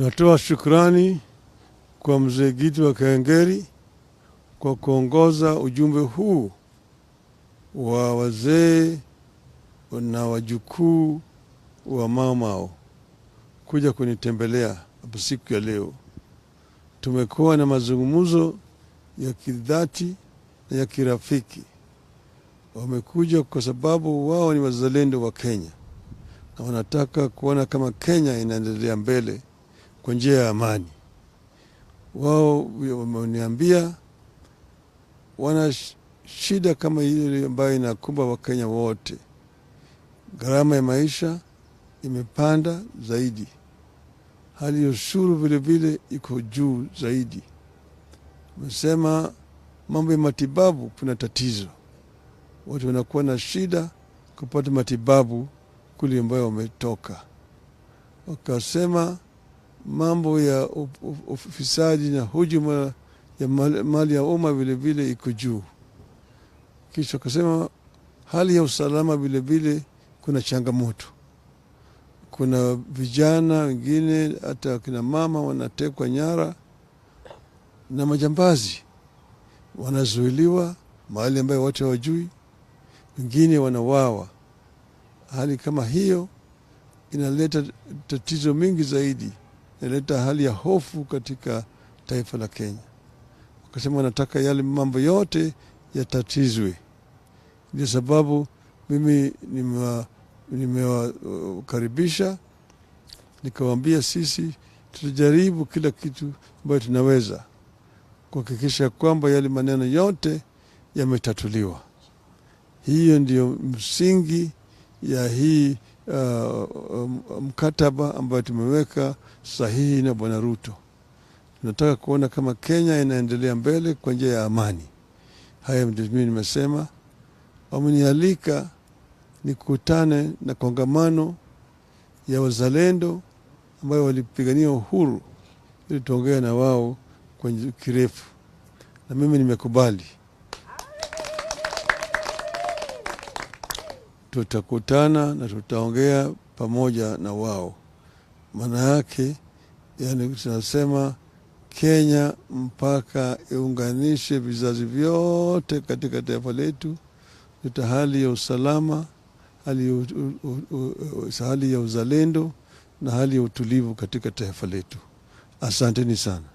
Natoa shukrani kwa mzee Giti wa kaengeri kwa kuongoza ujumbe huu wa wazee na wajukuu wa mamao kuja kunitembelea hapo siku ya leo. Tumekuwa na mazungumzo ya kidhati na ya kirafiki. Wamekuja kwa sababu wao ni wazalendo wa Kenya na wanataka kuona kama Kenya inaendelea mbele kwa njia ya amani. Wao wameniambia wana shida kama hiyo ambayo inakumba Wakenya wote. Gharama ya maisha imepanda zaidi, hali ya ushuru vilevile iko juu zaidi. Wamesema mambo ya matibabu, kuna tatizo, watu wanakuwa na shida kupata matibabu kule ambayo wametoka, wakasema mambo ya ufisadi na hujuma ya mali ya umma vilevile iko juu. Kisha akasema hali ya usalama vilevile kuna changamoto, kuna vijana wengine hata kina mama wanatekwa nyara na majambazi, wanazuiliwa mahali ambayo watu hawajui, wengine wanawawa. Hali kama hiyo inaleta tatizo mingi zaidi inaleta hali ya hofu katika taifa la Kenya. Wakasema wanataka yale mambo yote yatatizwe. Ndio sababu mimi nimewakaribisha nime, nikawaambia sisi tutajaribu kila kitu ambayo tunaweza kuhakikisha kwamba yale maneno yote yametatuliwa. Hiyo ndio msingi ya hii uh, um, mkataba ambayo tumeweka sahihi na Bwana Ruto. Tunataka kuona kama Kenya inaendelea mbele kwa njia ya amani. Haya ndio mimi nimesema. Wamenialika nikutane na kongamano ya wazalendo ambayo walipigania uhuru ili tuongee na wao kwa kirefu, na mimi nimekubali. tutakutana na tutaongea pamoja na wao. Maana yake yani, tunasema Kenya mpaka iunganishe vizazi vyote katika taifa letu, tuta hali ya usalama, hali, u, u, u, hali ya uzalendo na hali ya utulivu katika taifa letu. Asanteni sana.